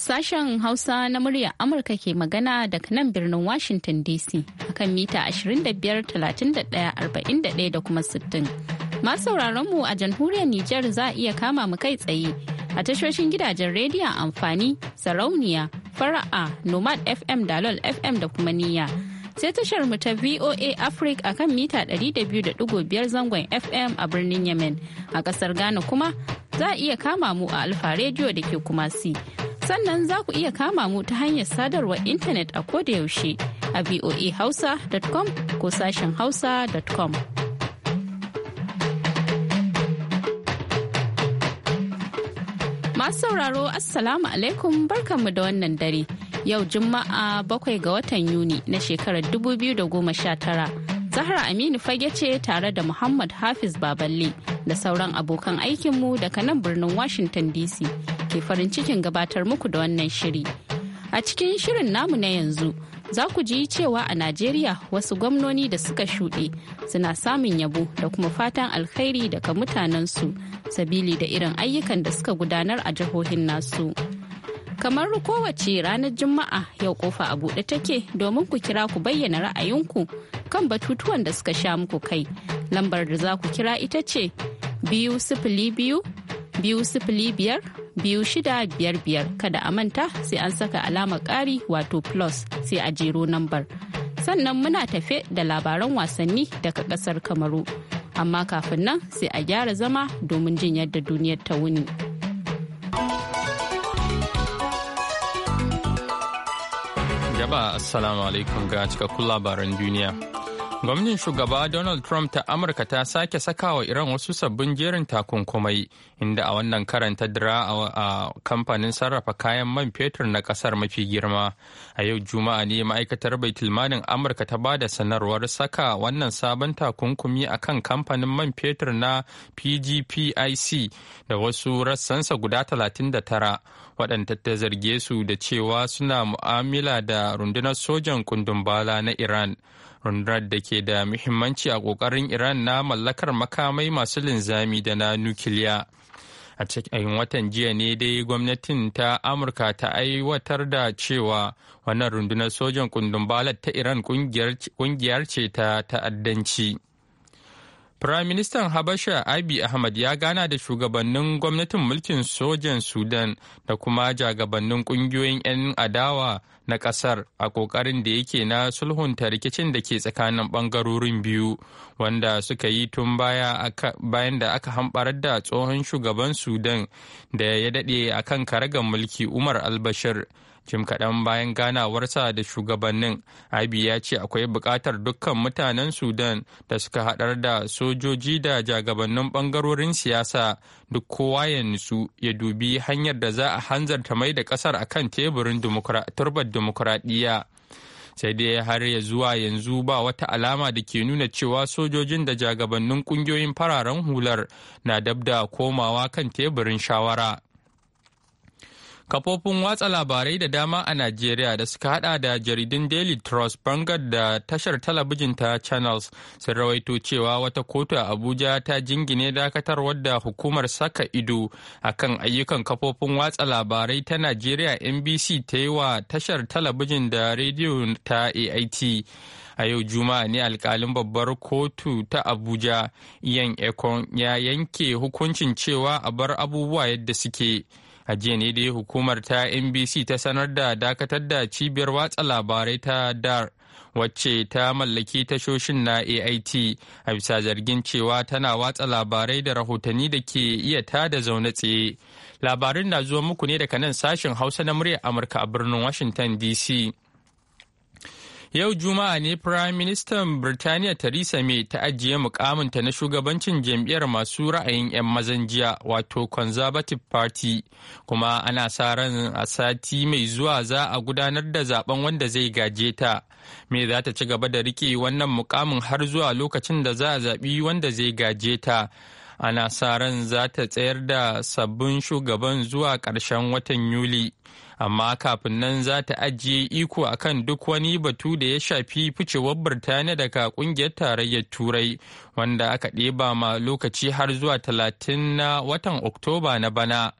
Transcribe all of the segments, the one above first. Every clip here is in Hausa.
Sashen Hausa na murya Amurka ke magana daga nan birnin Washington DC akan mita 25-31-41 da kuma 60. Masu sauraronmu a jamhuriyar Nijar za a iya kama mu kai tsaye a tashoshin gidajen rediyon amfani, sarauniya, fara'a, nomad FM, dalol FM da kuma niyya. sai tashar mu ta VOA Africa akan mita 200.5 zangon FM a birnin Yemen. A kasar Ghana kuma za a iya kama mu a Alfa Radio da ke Kumasi. Sannan za ku iya kama mu ta hanyar sadarwar intanet a kodayaushe a voahausa.com ko sashen hausa.com. Masu sauraro Assalamu alaikum barkanmu da wannan dare. Yau Juma'a bakwai ga watan Yuni na shekarar 2019. Zahra Aminu fage ce tare da Muhammad Hafiz Baballe da sauran abokan aikinmu daga nan birnin Washington DC ke farin cikin gabatar muku da wannan shiri. A cikin shirin namu na yanzu za ku ji cewa a Najeriya wasu gwamnoni da suka shuɗe suna samun yabo da kuma fatan alkhairi daga mutanensu sabili da irin ayyukan da suka gudanar a jihohin nasu. Kamar kowace ranar Juma'a yau kofa a buɗe take domin ku kira ku bayyana ra'ayinku kan batutuwan da suka sha muku kai. Lambar da za ku kira ita ce biyu sifili biyu biyu sifili biyar biyu shida biyar biyar kada a manta sai an saka alama ƙari wato plus sai a jero nambar sannan muna tafe da labaran wasanni daga ƙasar kamaru amma kafin nan sai a gyara zama domin jin yadda duniyar ta wuni. gaba Assalamu alaikum ga cikakkun labaran duniya. Gwamnin shugaba Donald Trump ta Amurka ta sake sakawa Iran wasu sabbin jerin takunkumai, inda a wannan karanta dira a kamfanin sarrafa kayan man fetur na kasar mafi girma. A yau Juma'a ne ma'aikatar bai Baitulmanin Amurka ta bada sanarwar saka wannan sabon takunkumi a kan kamfanin man fetur na PGPIC da wasu rassansa guda 39 waɗanda ta zarge su da cewa suna mu'amala da rundunar sojan kundumbala na Iran. rundunar da ke da muhimmanci a kokarin iran na mallakar makamai masu linzami da na nukiliya a cikin watan jiya ne dai gwamnatin ta amurka ta aiwatar da cewa wannan rundunar sojan kundin balat ta iran kungiyar ce ta ta'addanci Firaministan Habasha abi Ahmad ya gana da shugabannin gwamnatin mulkin sojan Sudan da kuma jagabannin ƙungiyoyin 'yan adawa na ƙasar a ƙoƙarin da yake na sulhunta rikicin da ke tsakanin ɓangarorin biyu wanda suka yi tun bayan da aka hamɓarar da tsohon shugaban Sudan da ya daɗe akan kan karagar mulki Umar al-Bashir. jim kaɗan bayan ganawarsa da shugabannin abi ya ce akwai buƙatar dukkan mutanen sudan da suka haɗar da sojoji da jagabannin ɓangarorin siyasa duk kowa ya nutsu ya dubi hanyar da za a hanzarta mai da ƙasar kan teburin turbar dimokuraɗiyya sai dai har ya zuwa yanzu ba wata alama da ke nuna cewa sojojin da jagabannin ƙungiyoyin fararen hular na dabda komawa kan teburin shawara. Kafofin watsa labarai da dama a Najeriya da suka hada da jaridun Daily Trust Bangar da tashar talabijin ta Channels sun rawaito cewa wata kotu a Abuja ta jingine dakatar da hukumar saka ido akan ayyukan kafofin watsa labarai ta Najeriya NBC ta yi wa tashar talabijin da rediyo ta AIT. a yau juma'a ne alkalin babbar kotu ta abuja iyan ekon ya yanke hukuncin cewa a bar abubuwa yadda suke a jiya ne dai hukumar ta nbc ta sanar da dakatar da cibiyar watsa labarai ta dar wacce ta mallaki tashoshin na ait a bisa zargin cewa tana watsa labarai da rahotanni da ke iya tada zaune tsaye labarin na zuwa muku ne daga nan sashen hausa na muryar amurka a birnin washington dc Yau Juma'a ne Firayim Ministan Birtaniya Theresa May ta ajiye mukaminta na shugabancin jam'iyyar masu ra'ayin 'yan mazan jiya wato Conservative Party, kuma ana sa ran a sati mai zuwa za a gudanar da zaben wanda zai gaje ta. May za ta ci gaba da rike wannan mukamin har zuwa lokacin da za a zaɓi wanda zai gaje ta. Ana sa ran za ta tsayar da sabbin shugaban zuwa ƙarshen watan Yuli. amma kafin nan za ta ajiye iko a kan duk wani batu da ya shafi ficewar birtaniya daga kungiyar tarayyar turai wanda aka ɗeba ma lokaci har zuwa talatin na watan oktoba na bana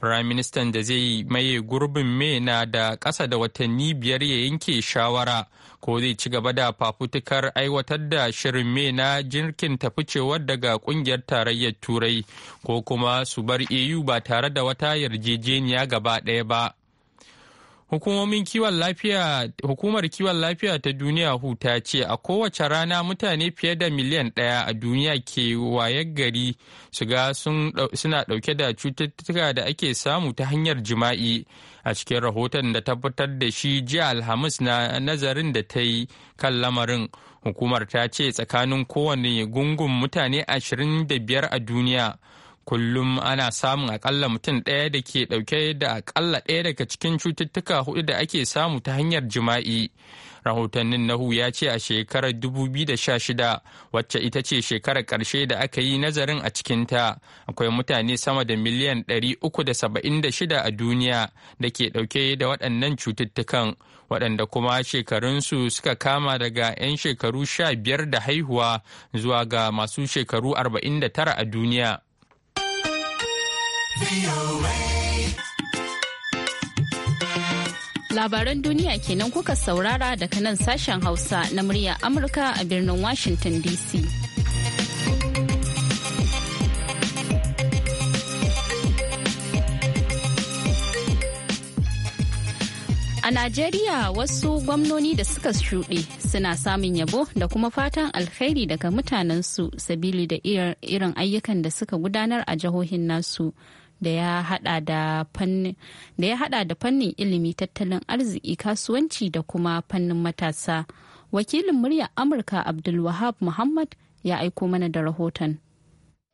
firaministan da zai maye gurbin me na da ƙasa da watanni biyar ya yanke shawara ko zai ci gaba da fafutukar aiwatar da shirin me na jirkin ficewar daga ƙungiyar tarayyar turai ko kuma su bar eu ba tare da wata yarjejeniya gaba ɗaya ba Hukumomin kiwon lafiya hukumar kiwon lafiya ta duniya hu ta ce a kowace rana mutane fiye da miliyan ɗaya a duniya ke waye gari shiga suna ɗauke da cututtuka da ake samu ta hanyar jima'i a cikin rahoton da tabbatar da shi jiya alhamis na nazarin da ta yi kan lamarin hukumar ta ce tsakanin kowane gungun mutane 25 a duniya kullum ana samun akalla mutum ɗaya da ke ɗauke da akalla ɗaya daga cikin cututtuka hudu da ake samu ta hanyar jima'i rahotannin nahu ya ce a shekarar 2016 wacce ita ce shekarar ƙarshe da aka yi nazarin a cikinta akwai mutane sama da miliyan 376 a duniya da ke ɗauke da waɗannan cututtukan waɗanda kuma shekarunsu suka kama daga 'yan shekaru 15 da haihuwa zuwa ga masu shekaru 49 a duniya. Labaran duniya kenan kuka saurara daga nan sashen Hausa na murya Amurka a birnin Washington DC. A Najeriya wasu gwamnoni da suka shuɗe suna samun yabo da kuma fatan alkhairi daga mutanensu sabili da irin ayyukan da suka gudanar a jihohin nasu. da ya hada da fannin ilimi tattalin arziki kasuwanci da kuma fannin matasa wakilin murya amurka abdulwahab muhammad ya aiko mana da rahoton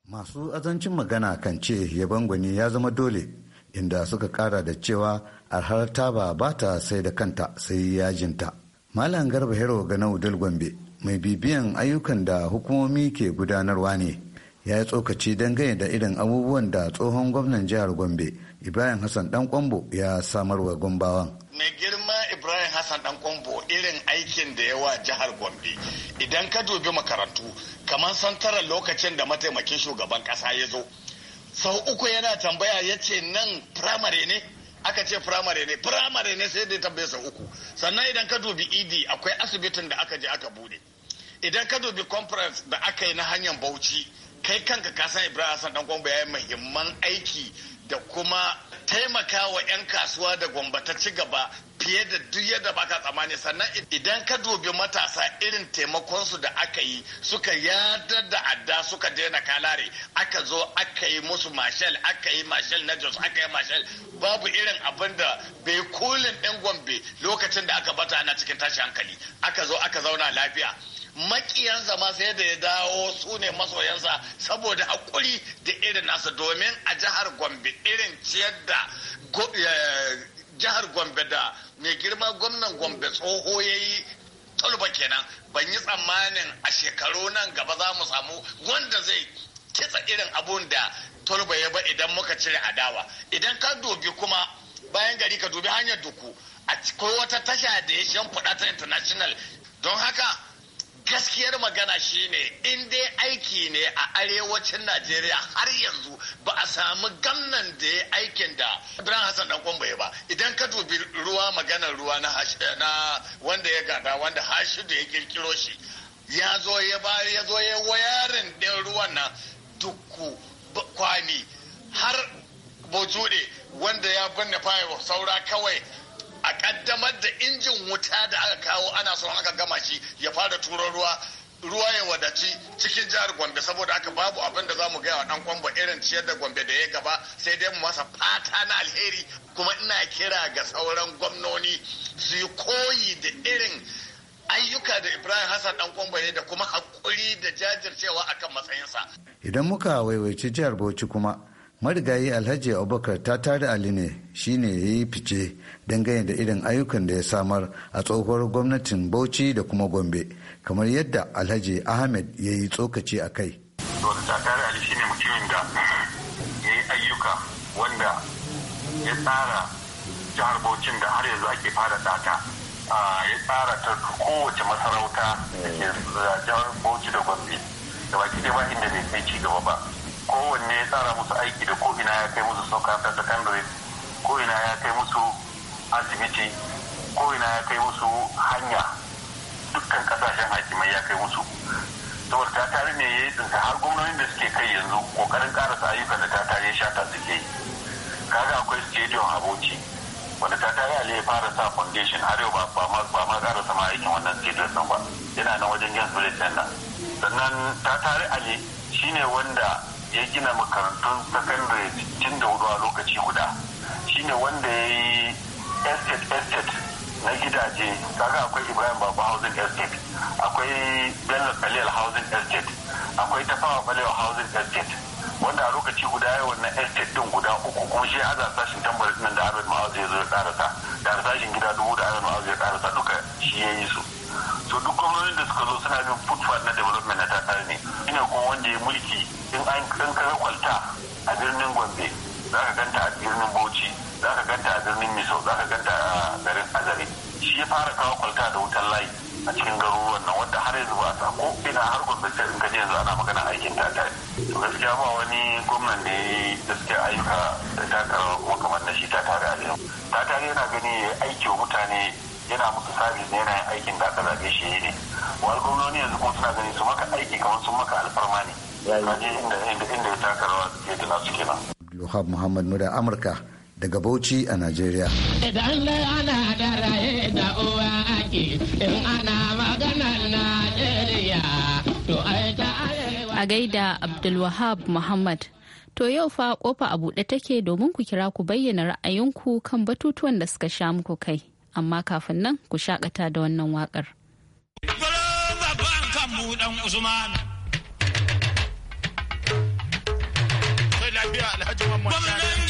masu azancin magana kan ce yabon gwani ya zama dole inda suka kara da cewa arhar taba ba ta sai da kanta sai yajinta malam garba hero ganau dal gombe mai bibiyan ayyukan da hukumomi ke gudanarwa ne ya yi tsokaci dangane da irin abubuwan da tsohon gwamnan jihar gombe ibrahim hassan dan kwambo ya samarwa gombawan mai girma ibrahim hassan dan kwambo irin aikin da yawa jihar gombe idan ka dubi makarantu kamar santarar lokacin da mataimakin shugaban kasa ya zo sau uku yana tambaya ya ce nan firamare ne aka ce firamare ne firamare ne sai dai tambaye sau uku sannan idan ka dubi idi e akwai asibitin da aka je aka bude idan ka dubi conference da aka yi na hanyar bauchi kai kanka ka san ibrahim hassan dan gwamba ya yi muhimman aiki da kuma taimaka wa 'yan kasuwa da gwamba ta ci gaba fiye da duk yadda baka tsammani sannan idan ka dubi matasa irin taimakonsu da aka yi suka yada da adda suka daina kalare aka zo aka yi musu mashal aka yi mashal na jos aka yi mashal babu irin abin da bai kulin din gombe lokacin da aka bata ana cikin tashi hankali aka zo aka zauna lafiya makiyansa ma sai da ya dawo su ne masoyansa saboda hakuri da irin nasa domin a jihar gombe irin ciyar da eh, jihar gombe da mai girma gwamnan gombe tsoho ya yi tolba kenan ban yi tsammanin a shekaru nan gaba za mu samu wanda zai kitsa irin abun da tulba ya ba idan muka cire adawa idan ka dubi kuma bayan gari ka dubi hanyar duku a wata tasha da ya shan ta international don haka gaskiyar magana shine in dai aiki ne a arewacin najeriya har yanzu ba a samu gamnan da ya aikin da ibrahim hassan dan kwambaye ba idan ka dubi ruwa maganar ruwa na wanda ya gada wanda da ya kirkiro shi ya zo ya bari ya zo ya wayarin ɗin ruwa na dukku kwani har bojude wanda ya binne fayo saura kawai a kaddamar da injin wuta da aka kawo ana son aka gama shi ya fara turo ruwa ruwa ya wadaci cikin jihar gombe saboda aka babu abin da za mu gaya wa dan kwamba irin ciyar da gombe da ya gaba sai dai mu masa fata na alheri kuma ina kira ga sauran gwamnoni su yi koyi da irin ayyuka da ibrahim hassan dan kwamba ne da kuma hakuri da jajircewa akan matsayinsa idan muka waiwaici jihar bauchi kuma marigayi alhaji abubakar ta tare ali ne shine ya yi fice dangane da irin ayyukan da ya samar a tsohuwar gwamnatin bauchi da kuma gombe kamar yadda alhaji ahmed ya yi tsokaci a kai shine mutumin da ya ayyuka wanda ya tsara jihar bauchin da har yanzu ake fara data ya tsara ta kowace masarauta da ke jihar bauchi da gombe da baki ba inda bai ci gaba ba kowanne ya tsara musu aiki da ko'ina ya kai musu makarantar secondary ko'ina ya kai musu asibiti ko'ina ya kai musu hanya dukkan kasashen hakimai ya kai musu saboda tare ne ya yi tsinka har gwamnonin da suke kai yanzu kokarin karasa ayyukan da tatari ya shata suke yi kaga akwai stadium aboki wanda tare ali ya fara sa foundation har yau ba ma karasa ma aikin wannan stadium din ba yana nan wajen gens village sannan ta tare ali shine wanda ya gina makarantun sakandare 64 a lokaci guda shine wanda ya yi estate estate na gidaje kaga akwai ibrahim babu housing estate akwai bello khalil housing estate akwai tafawa balewa housing estate wanda a lokaci guda ya wannan estate din guda uku kuma shi a sashin tambar nan da abin ma'azu ya zo ya karasa da sashin gida dubu da abin ma'azu ya karasa duka shi ya yi su so duk gwamnonin da suka zo suna bin footfall na development na tatar ne ina kuma wanda ya mulki in an kaga kwalta a birnin gombe za ka ganta a birnin bauchi za ka ganta a birnin miso za ka ganta a garin azare shi ya fara kawo kwalta da wutan layi a cikin garuruwan nan wanda har yanzu ba a ko ina har gwamnati in ka yanzu ana magana aikin ta tare to gaskiya ba wani gwamnan da gaskiya ayyuka da takarar makamar na shi ta tare a yau ta tare yana gani ya aiki wa mutane yana musu sabis ne yana yin aikin da aka zaɓe shi ne wa al'ummomi yanzu kuma suna gani su maka aiki kamar sun maka alfarma ne Abdulhab Muhammad Muda Amurka daga Bauchi a Najeriya. Idan dai ana da raye da uwa ake in ana maganar Najeriya to ai ta A gaida Abdulwahab Muhammad To yau fa kofa a buɗe take domin ku kira ku bayyana ra'ayinku kan batutuwan da suka sha muku kai. Amma kafin nan ku shakata da wannan waƙar. babban kan buɗan Usman. الانبياء الهجوم والثاني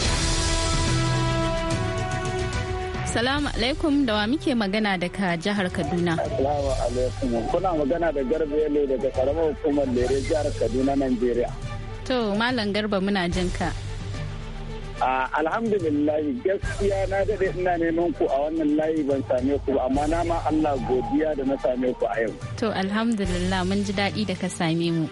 Assalamu alaikum da wa muke magana daga jihar Kaduna. Assalamu alaikum kuna magana da Garba Yalo daga karamar hukumar Lere jihar Kaduna Najeriya. To Malam Garba muna jin ka. Alhamdulillah gaskiya na daɗe ina neman ku a wannan layi ban same ku ba amma na ma Allah godiya da na same ku a yau. To alhamdulillah mun ji daɗi da ka same mu.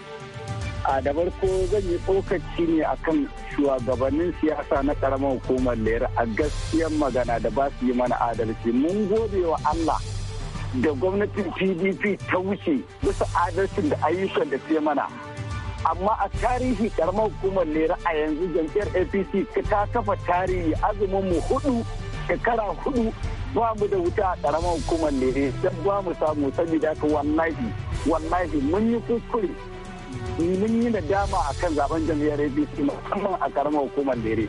a da farko zan yi tsokaci ne akan shugabannin siyasa na karamar hukumar lera a gaskiyar magana da ba su yi mana adalci mun gode wa allah da gwamnatin pdp ta wuce bisa adalcin da ayyukan da ta mana amma a tarihi karamar hukumar lera a yanzu jam'iyyar apc ta kafa tarihi azumin mu hudu shekara hudu ba mu da wuta a karamar hukumar lere don ba mu samu sabida ka wallahi wallahi mun yi kuskure mun yi da dama a kan zaben jam'iyyar abc musamman a karamar hukumar lere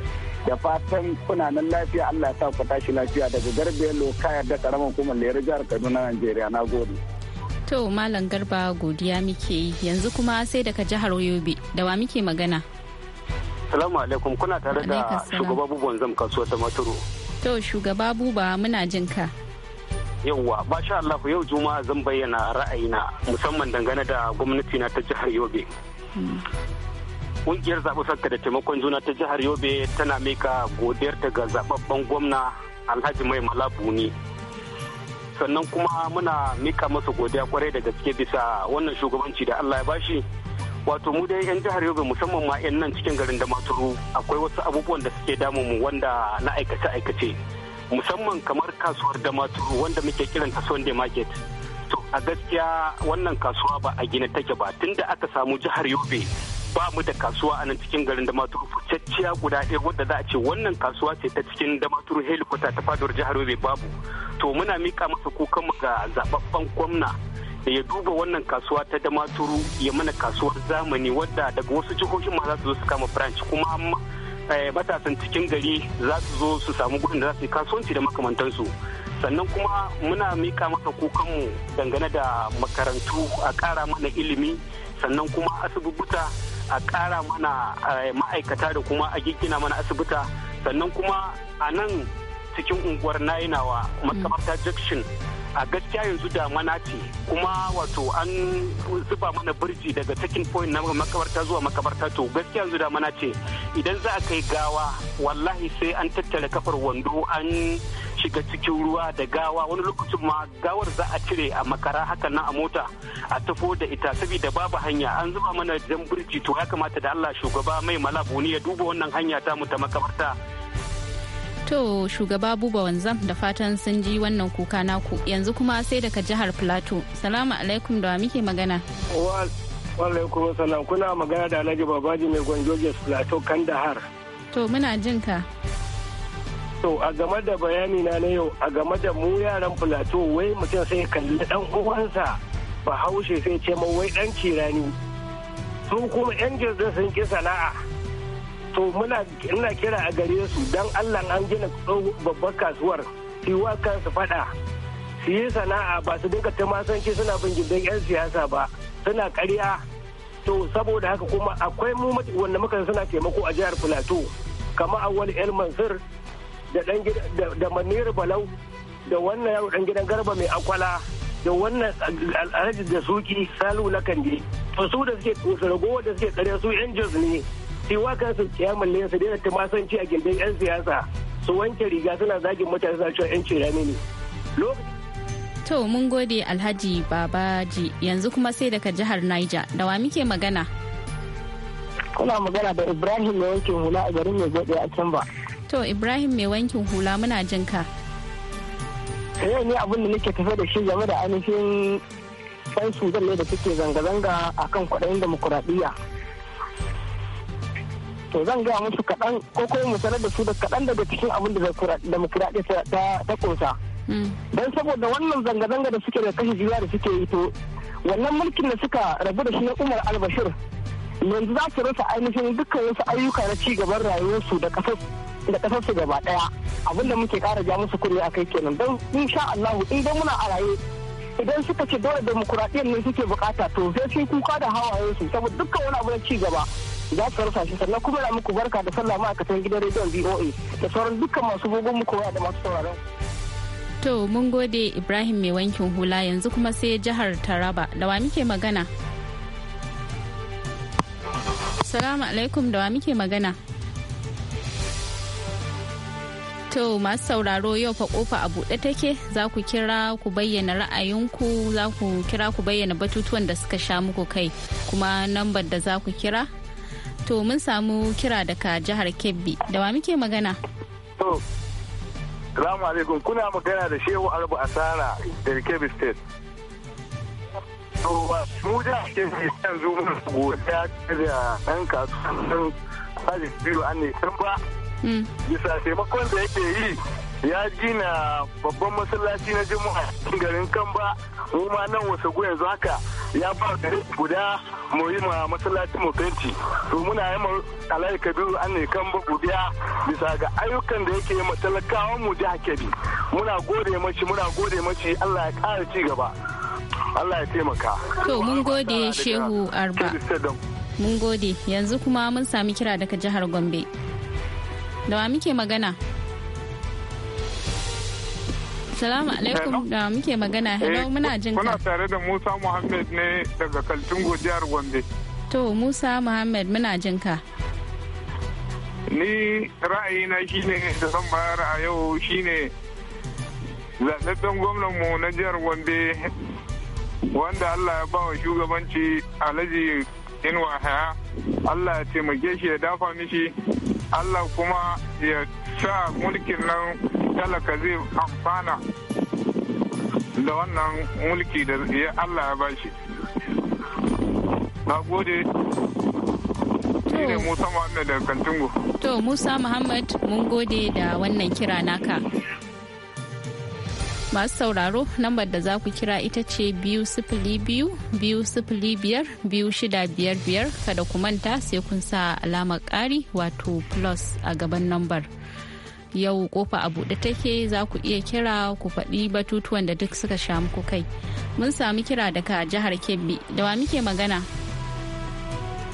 da fatan kunanan lafiya allah ya sa ku tashi lafiya daga garbe lokayar da karamar hukumar lere jihar kaduna najeriya na gode to malam garba godiya muke yi yanzu kuma sai daga jihar yobe da wa muke magana salamu alaikum kuna tare da shugaba bubuwan zam kasuwar ta maturu to shugaba buba muna jinka. yauwa sha Allah yau juma'a zan bayyana ra'ayina musamman dangane da gwamnati na ta jihar Yobe. Kungiyar zaɓe sakka da taimakon juna ta jihar Yobe tana mika godiyarta ga zaɓaɓɓen gwamna Alhaji Mai Malabuni. Sannan kuma muna mika masa godiya kwarai da gaske bisa wannan shugabanci da Allah ya bashi. Wato mu dai 'yan jihar Yobe musamman ma 'yan nan cikin garin da maturu akwai wasu abubuwan da suke damu mu wanda na aikace-aikace. musamman kamar kasuwar damaturu wanda muke kiranta sunday market to a gaskiya wannan kasuwa ba a gina take ba tunda aka samu jihar yobe ba mu da kasuwa a nan cikin garin damaturu fitacciya guda ɗaya wadda za a ce wannan kasuwa ce ta cikin damaturu helikwata ta fadar jihar yobe babu to muna mika masa kukan mu ga zababben gwamna da ya duba wannan kasuwa ta damaturu ya mana kasuwar zamani wadda daga wasu jihohin ma za su zo su kama branch kuma Eh, matasan cikin gari za su zo su samu gudun da za su yi kasuwanci da makamantansu sannan kuma muna mika masa kukanmu dangane da makarantu a ƙara mana ilimi sannan kuma asibubuta a ƙara mana eh, ma'aikata da kuma a giggina mana asibita sannan kuma a nan cikin unguwar nayinawa makabarta mm. junction a gaskiya yanzu damana ce kuma wato an zuba mana birji daga second point na makabarta zuwa makabarta to gaskiya yanzu damana ce idan za a kai gawa wallahi sai an tattara kafar wando an shiga cikin ruwa da gawa wani lokacin ma gawar za a cire a makara haka nan a mota a tafo da ita saboda babu hanya an zuba mana jan birji to ya kamata da Allah shugaba mai malabuni ya duba wannan hanya ta mu ta makabarta To shugaba Buba Wanzam da fatan sun ji wannan kuka naku yanzu kuma sai daga jihar Plateau. Salamu alaikum da wa muke magana. Walaikum salam kuna magana da Alhaji Babaji mai gwanjoji Plateau Kandahar. To muna jin ka. To a game da bayani na na yau a game da mu yaran Plateau wai mutum sai kalli dan uwansa Bahaushe sai ce wai dan cirani. Su kuma 'yan jirgin sun ki sana'a. to muna ina kira a gare su don allah an gina babbar kasuwar su wa kansu fada su yi sana'a ba su dinka tumasanci suna bin gindin 'yan siyasa ba suna karya to saboda haka kuma akwai mu wanda muka suna taimako a jihar filato kamar awal el mansur da dan da manir balau da wannan yaro dan gidan garba mai akwala da wannan alhaji da suki salu lakande to su da suke ragowa da suke kare su yan ne siwa kansu kiyamun su daina tumasanci a gindin 'yan siyasa su wanke riga suna zagin mutane suna cewa 'yan cirani ne to mun gode alhaji babaji yanzu kuma sai daga jihar niger da wa muke magana kuna magana da ibrahim mai wankin hula a garin mai gode a can ba to ibrahim mai wankin hula muna jin ka yau eh, ne abin da nake tafe da shi game da ainihin yan sudan ne da suke zanga-zanga a kan kwaɗayin demokuraɗiyya to zan gaya musu kaɗan ko kuma mu sanar da su da kaɗan daga cikin abin da demokuraɗiyya ta kosa. Hmm. Don saboda wannan zanga-zanga da suke da kashe juna da suke yi to wannan mulkin da suka rabu da shi na Umar Albashir yanzu za su rasa ainihin dukkan wasu ayyuka na ci gaban rayuwarsu da kasar da kasar su gaba daya abin da muke kara ja musu kunne akai kenan don insha allahu idan muna a raye idan suka ce dole demokuraɗiyyar ne suke bukata to sai sun kuka da hawayensu saboda dukkan wani abu na ci gaba za su rasa shi sannan kuma na muku barka da sallah ma'aikatan gidan rediyon voa da sauran dukkan masu bugun muku da masu sauraron. to mun gode ibrahim mai wankin hula yanzu kuma sai jihar taraba da wa muke magana. Assalamu alaikum da wa muke magana. To masu sauraro yau fa kofa a buɗe take za ku kira ku bayyana ra'ayinku za ku kira ku bayyana batutuwan da suka sha muku kai kuma nambar da za ku kira To mun samu kira daga jihar Kebbi. Da wa muke magana? To, Salamu alaikum kuna magana da Shehu Arabu Asara da Kebbi State. To, mu ke Kebbi yanzu mun godiya da ɗan kasuwan Haji Biro Anne Tamba. Hmm. Bisa taimakon da yake yi ya gina babban masallaci na juma'a cikin garin kamba mu ma nan wasu go yanzu haka ya ba gari guda mu yi ma masallaci mu fenti to muna yi ma alayi kabiru an ne kamba guda bisa ga ayyukan da yake ma talakawan mu jiha kebi muna gode mashi muna gode mashi allah ya kara ci gaba allah ya taimaka to mun gode shehu arba mun gode yanzu kuma mun sami kira daga jihar gombe da wa muke magana Assalamu alaikum da muke magana. Hello eh, muna jin ka. tare da Musa Muhammad ne daga Kaltungo jihar Gombe. To Musa Muhammad muna jin ka. Ni ra'ayina ne da zan bayar a yau shine zaɓaɓɓen gwamnan mu na jihar Gombe wanda Allah ya bawa shugabanci Alhaji Inuwa Allah ya taimake shi ya dafa mishi Allah kuma ya sa mulkin nan talaka zai amfana da wannan mulki da ya Allah ya bashi. Na gode. ne Musa Muhammad daga To Musa Muhammad mun gode da wannan kira naka. Masu sauraro lambar da za ku kira ita ce biyu sifili biyu biyu sifili biyar biyu shida biyar biyar kada ku manta sai kun sa alamar ƙari wato plus a gaban lambar. yau kofa a buɗe take za ku iya kira ku faɗi batutuwan da duk suka sha muku kai mun sami kira daga jihar kebbi da wa muke magana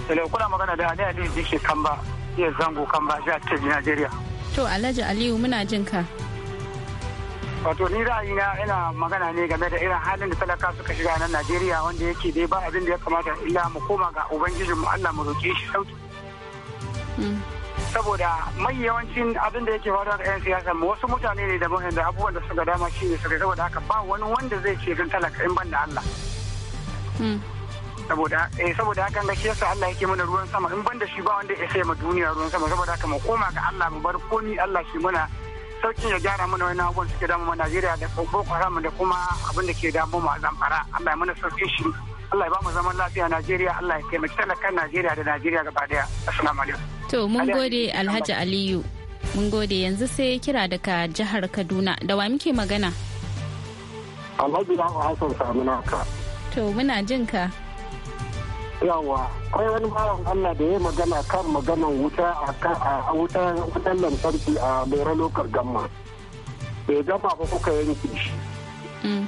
kuna magana da ali aliyu ke kamba iya zango kamba jihar kebbi nigeria to alhaji aliyu muna jin ka wato ni ra'ayina ina magana ne game da irin halin da talaka suka shiga nan najeriya wanda yake dai ba abin da ya kamata illa mu koma ga ubangijinmu allah mu roƙe shi sauki mm. saboda mai yawancin abin da yake faruwa da 'yan siyasa wasu mutane ne da da abubuwan da suka dama shi ne suka saboda haka ba wani wanda zai ce gan talaka in ban da Allah. Hmm. saboda eh saboda haka da shi yasa Allah yake mana ruwan sama in ban da shi ba wanda ya sai ma duniya ruwan sama saboda haka mu koma ga Allah mu bar komi Allah shi mana saukin ya gyara mana wani abubuwan suke damu Najeriya da Boko Haram da kuma abin da ke damu mu a Zamfara Allah ya mana saukin shi Allah ya ba mu zaman lafiya Najeriya Allah ya taimaki talakan Najeriya da Najeriya gaba daya assalamu alaikum To mun gode Alhaji Aliyu. Mun gode yanzu sai kira daga jihar Kaduna. Da wa muke magana? Alhaji Hassan Samina ka. To muna jin ka. Yawa, kai wani bawan Allah da ya magana kan maganan wuta a wutan lantarki a Bera Lokar Gamma. Bai gama ba kuka yin shi. Mm.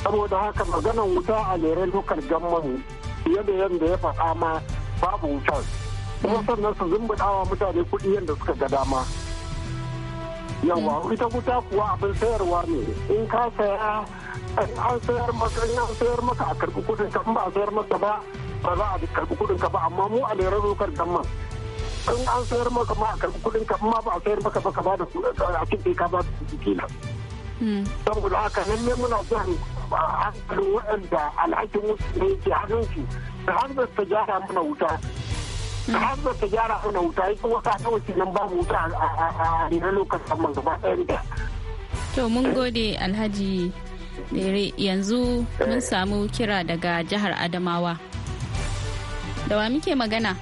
Saboda haka maganan wuta a Bera Lokar Gamma fiye da yadda ya faɗa ma babu wutar. kuma sannan su zumbuɗawa mutane kuɗi yadda suka ga dama yawa ita wuta kuwa abin sayarwa ne in ka saya an sayar maka in an sayar maka a karɓi kuɗin ka in ba a sayar maka ba ba za a karɓi kuɗin ka ba amma mu a lera rokar gamman in an sayar maka ma a karɓi kuɗin ka ma ba a sayar maka ba ka ba da su a cikin ka ba da su kila. Hmm. saboda haka nan ne muna son hankalin waɗanda alhakin wasu ne ke hannun su da har da ta jara mana wuta har ba ta gyara mana wuta ya kuma ka ta wuce nan ba wuta a rinan lokacin man gaba ɗaya To mun gode Alhaji Dere yanzu mun eh. samu kira daga jihar Adamawa. Da wa muke magana?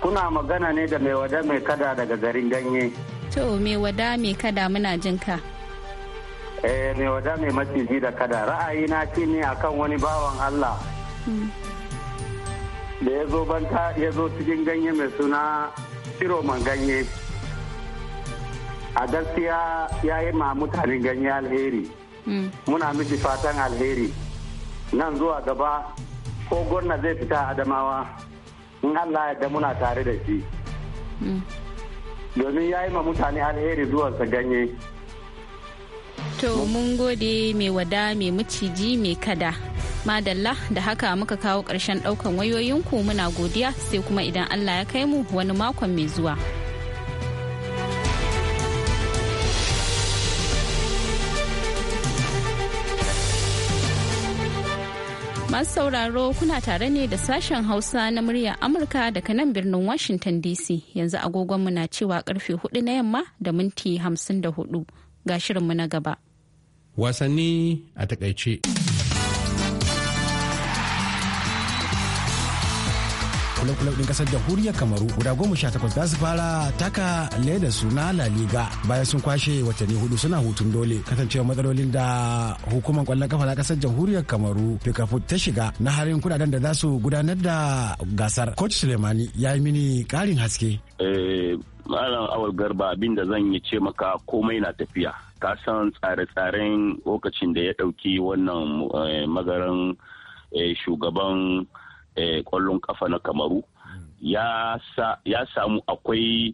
Kuna magana ne da mai wada mai kada daga garin ganye. To mai wada mai kada muna jin ka. Eh mai wada mai maciji da kada ra'ayi na shi ne akan wani bawan Allah. Hmm. da ya zo banta ya zo cikin ganye mai suna ciroman ganye a gaskiya ya yi ma mutanen ganye alheri mm. muna miki fatan alheri nan zuwa gaba ko gwamna zai fita adamawa in allah da muna tare da shi mm. domin ya yi ma mutane alheri zuwansa ganye to mun gode mai wada mai maciji mai kada Madalla da haka muka kawo ƙarshen ɗaukan wayoyinku muna godiya sai kuma idan Allah ya kai mu wani makon mai zuwa. Masu sauraro kuna tare ne da sashen Hausa na murya Amurka daga nan birnin Washington DC yanzu agogon na cewa karfe 4 na yamma da minti 54 ga shirinmu na gaba. Wasanni a takaice. kwale kulob din kasar jamhuriyar kamaru guda goma sha takwas za su fara taka leda suna la liga bayan sun kwashe watanni hudu suna hutun dole kasancewa matsalolin da hukumar kwallon kafa na kasar jamhuriyar kamaru fikafu ta shiga na harin kudaden da za su gudanar da gasar coach sulemani ya yi mini karin haske eh, malam awal garba abin da zan yi ce maka komai na tafiya ka san tsare-tsaren lokacin da ya ɗauki wannan eh, magaran eh, shugaban Eh, kwallon kafa na kamaru hmm. ya samu akwai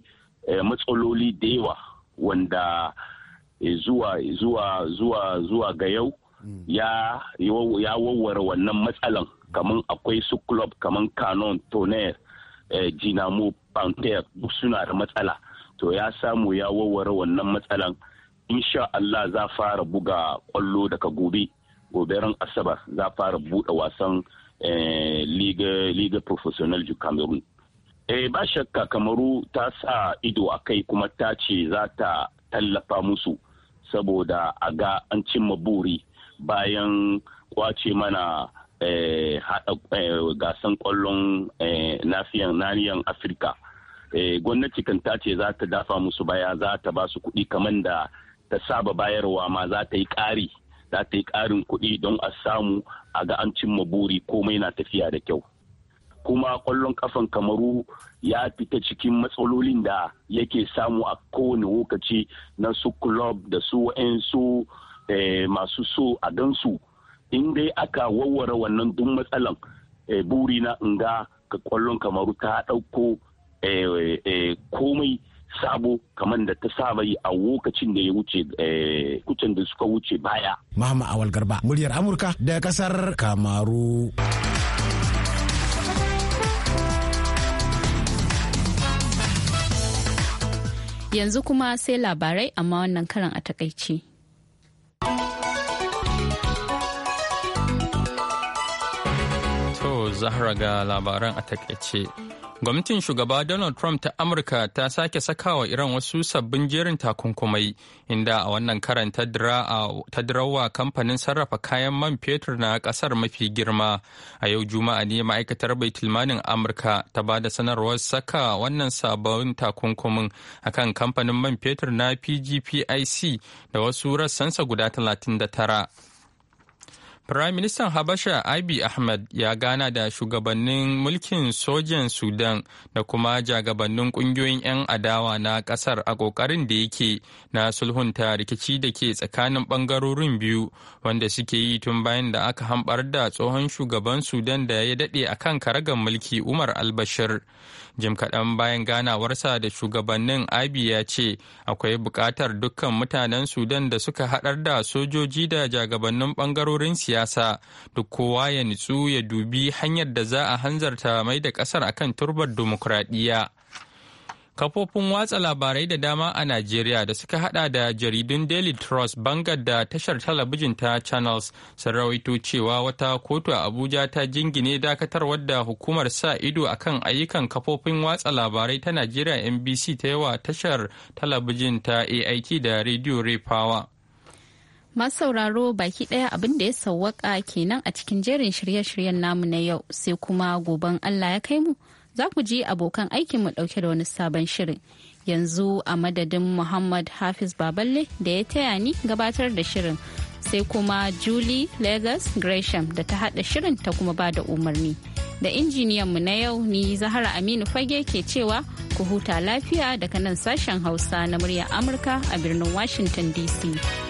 eh, matsaloli da yawa wanda eh, zuwa ga yau hmm. ya wawware wannan matsalan kamar akwai su club kamar canon toner ginamo panther duk suna da matsala to ya samu ya wawware wannan matsalan insha Allah za fara buga kwallo daga gobe gobe ran asabar za fara buɗe wasan eh, liga, liga du cameroon eh, ba shakka kamaru ta sa ido a kai kuma ta ce za ta tallafa musu saboda a ga an cimma buri bayan kwace mana eh, hada eh, gasan kwallon eh, nafiyan naniyan afirka eh, gwamnati kan ta ce za ta dafa musu baya za ta ba su kudi kamar da ta saba bayarwa ma za ta yi kari. za ta yi ƙarin kuɗi don a samu a ga an cimma buri komai na tafiya da kyau kuma ƙwallon ƙafan kamaru ya fita cikin matsalolin da yake samu a kowane lokaci na su club da su su eh, masu so a gansu in dai aka wawware wannan duk matsalan eh, buri na inga ga ƙwallon kamaru ta ɗauko eh, komai sabo kamar da ta saba yi a lokacin da ya wuce eh, kucin da suka wuce baya. Mahama Awal Garba, muryar Amurka da kasar Kamaru. Yanzu kuma sai labarai amma wannan karan a takaici. To, Zahra ga labaran a takaice. Gwamnatin shugaba Donald Trump ta Amurka ta sake sakawa Iran wasu sabbin jerin takunkumai, inda a wannan karan ta dirawa kamfanin sarrafa kayan man fetur na kasar mafi girma. A yau Juma'a ne ma'aikatar bai tilmanin Amurka ta ba da sanarwar saka wannan sabon takunkumin akan kamfanin man fetur na PGPIC da wasu rassansa guda 39. prime minister Habasha Abiy Ahmed ya gana da shugabannin mulkin sojan Sudan da kuma jagabannin kungiyoyin 'yan adawa na kasar a kokarin da yake na sulhunta rikici da ke tsakanin bangarorin biyu wanda suke yi tun bayan da aka hambar da tsohon shugaban Sudan da ya daɗe a kan karagar mulki Umar Albashir. Jim kaɗan bayan ganawarsa da shugabannin abi ya ce akwai buƙatar dukkan mutanen Sudan da suka haɗar da sojoji da jagabannin bangarorin siyasa siyasa duk kowa ya nitsu ya dubi hanyar da za a hanzarta mai da kasar akan turbar dimokuraɗiyya. kafofin watsa labarai da dama a Najeriya da suka hada da jaridun Daily Trust, Bangar da tashar talabijin ta Channels sun rawaito cewa wata kotu a Abuja ta jingine dakatar wadda hukumar sa ido akan ayyukan kafofin watsa labarai ta Najeriya NBC ta yawa tashar talabijin ta AIT da Radio Ray Masu sauraro baki ɗaya abin da ya sawwaka kenan a cikin jerin shirye-shiryen namu na yau sai kuma goben Allah ya kai mu za ku ji abokan aikin mu ɗauke da wani sabon shirin. Yanzu a madadin Muhammad Hafiz Baballe da ya taya ni gabatar da shirin sai kuma Julie lagos Gresham da ta haɗa shirin ta kuma ba da umarni. Da injiniyan mu na yau ni Zahara Aminu Fage ke cewa ku huta lafiya daga nan sashen Hausa na murya Amurka a birnin Washington DC.